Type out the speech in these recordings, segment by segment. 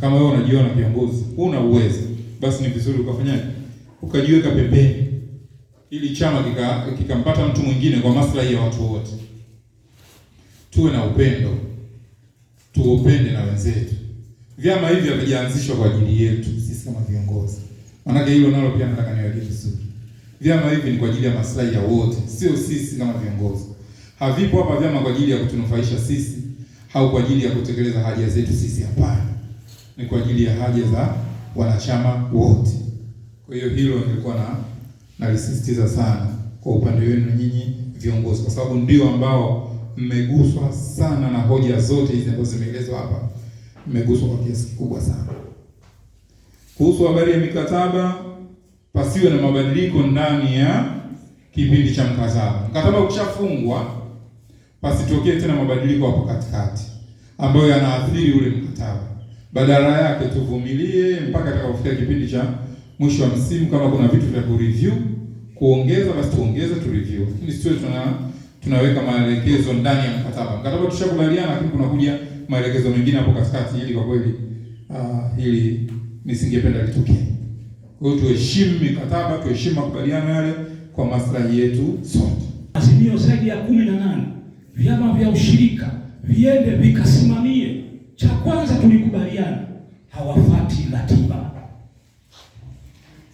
Kama wewe unajiona kiongozi, una uwezo, basi ni vizuri ukafanyaje? Ukajiweka pembeni ili chama kikampata kika mtu mwingine kwa maslahi ya watu wote. Tuwe na upendo, tuupende na wenzetu. Vyama hivi havijaanzishwa kwa ajili yetu sisi kama viongozi, maanake hilo nalo pia nataka niweke vizuri. Vyama hivi ni kwa ajili ya maslahi ya wote, sio sisi kama viongozi. Havipo hapa vyama kwa ajili ya kutunufaisha sisi au kwa ajili ya kutekeleza haja zetu sisi, hapana ni kwa ajili ya haja za wanachama wote. Kwa hiyo hilo nilikuwa na nalisisitiza sana kwa upande wenu nyinyi viongozi, kwa sababu ndio ambao mmeguswa sana na hoja zote hizi ambazo zimeelezwa hapa, mmeguswa kwa kiasi kikubwa sana. Kuhusu habari ya mikataba, pasiwe na mabadiliko ndani ya kipindi cha mkataba. Mkataba ukishafungwa, pasitokee tena mabadiliko hapo katikati ambayo yanaathiri ule mkataba. Badala yake tuvumilie mpaka atakapofikia kipindi cha mwisho wa msimu. Kama kuna vitu vya kureview kuongeza, basi tuongeze, review, lakini sio tuna tunaweka maelekezo ndani ya mkataba. Mkataba tushakubaliana, lakini kunakuja maelekezo mengine hapo katikati, ili kwa kweli uh, hili nisingependa litokee. Kwa hiyo tuheshimu mikataba, tuheshimu makubaliano yale kwa maslahi yetu sote. Azimio zaidi ya kumi na nane vyama vya ushirika viende vikasimamie cha kwanza tulikubaliana hawafati ratiba.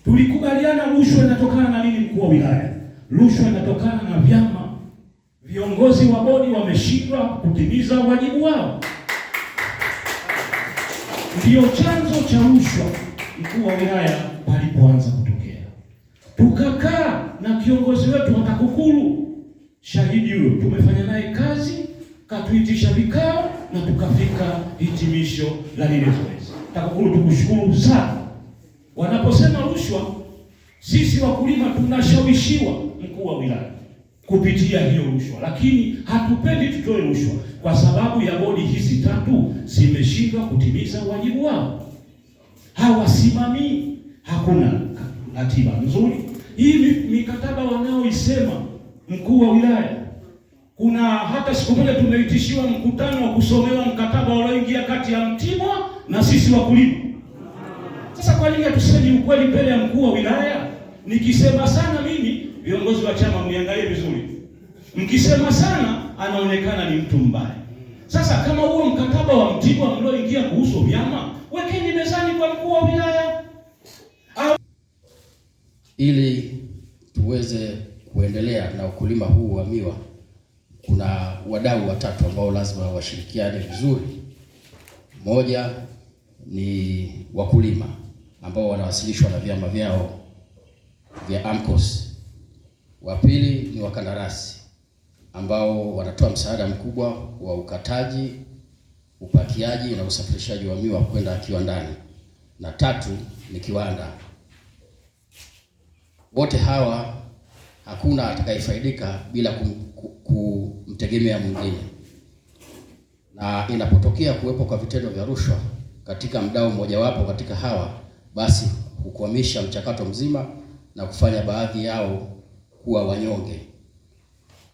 Tulikubaliana rushwa inatokana na nini, mkuu wa wilaya? Rushwa inatokana na vyama, viongozi wa bodi wameshindwa kutimiza wajibu wao, ndiyo chanzo cha rushwa, mkuu wa wilaya, palipoanza kutokea. Tukakaa na kiongozi wetu wa TAKUKURU, shahidi huyo, tumefanya naye kazi, katuitisha vikao na tukafika hitimisho la lile zoezi. TAKUKURU tukushukuru sana. Wanaposema rushwa, sisi wakulima tunashawishiwa mkuu wa wilaya kupitia hiyo rushwa, lakini hatupendi tutoe rushwa kwa sababu ya bodi hizi tatu zimeshindwa kutimiza wajibu wao, hawasimamii, hakuna ratiba nzuri. Hii mikataba wanaoisema mkuu wa wilaya kuna hata siku moja tumeitishiwa mkutano wa kusomewa mkataba ulioingia kati ya Mtimwa na sisi wakulima. Sasa kwa nini hatusemi ukweli mbele ya mkuu wa wilaya? Nikisema sana mimi, viongozi wa chama mniangalie vizuri, mkisema sana anaonekana ni mtu mbaya. Sasa kama huo mkataba wa Mtimwa mlioingia kuhusu vyama, wekeni mezani kwa mkuu wa wilaya Au... ili tuweze kuendelea na ukulima huu wa miwa kuna wadau watatu ambao lazima washirikiane vizuri. moja ni wakulima ambao wanawasilishwa na vyama vyao vya AMCOS. Wa pili ni wakandarasi ambao wanatoa msaada mkubwa wa ukataji, upakiaji na usafirishaji wa miwa kwenda kiwandani, na tatu ni kiwanda. Wote hawa hakuna atakayefaidika bila kumtegemea mwingine. Na inapotokea kuwepo kwa vitendo vya rushwa katika mdao mmojawapo katika hawa, basi hukwamisha mchakato mzima na kufanya baadhi yao kuwa wanyonge.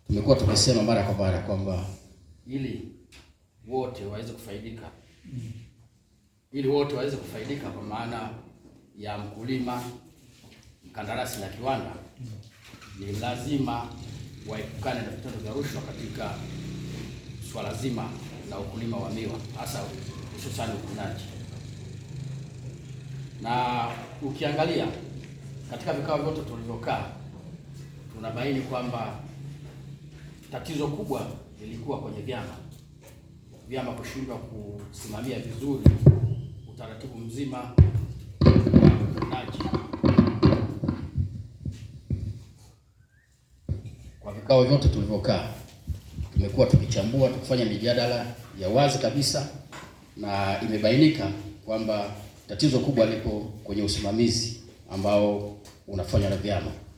Tumekuwa tukisema mara kwa mara kwamba ili wote waweze kufaidika, ili wote waweze kufaidika, kwa maana ya mkulima, mkandarasi na kiwanda ni lazima waepukane na vitendo vya rushwa katika swala zima la ukulima wa miwa hasa hususani uvunaji. Na ukiangalia katika vikao vyote tulivyokaa, tunabaini kwamba tatizo kubwa lilikuwa kwenye vyama vyama kushindwa kusimamia vizuri utaratibu mzima wa uvunaji vikao vyote tulivyokaa, tumekuwa tukichambua, tukifanya mijadala ya wazi kabisa, na imebainika kwamba tatizo kubwa lipo kwenye usimamizi ambao unafanywa na vyama.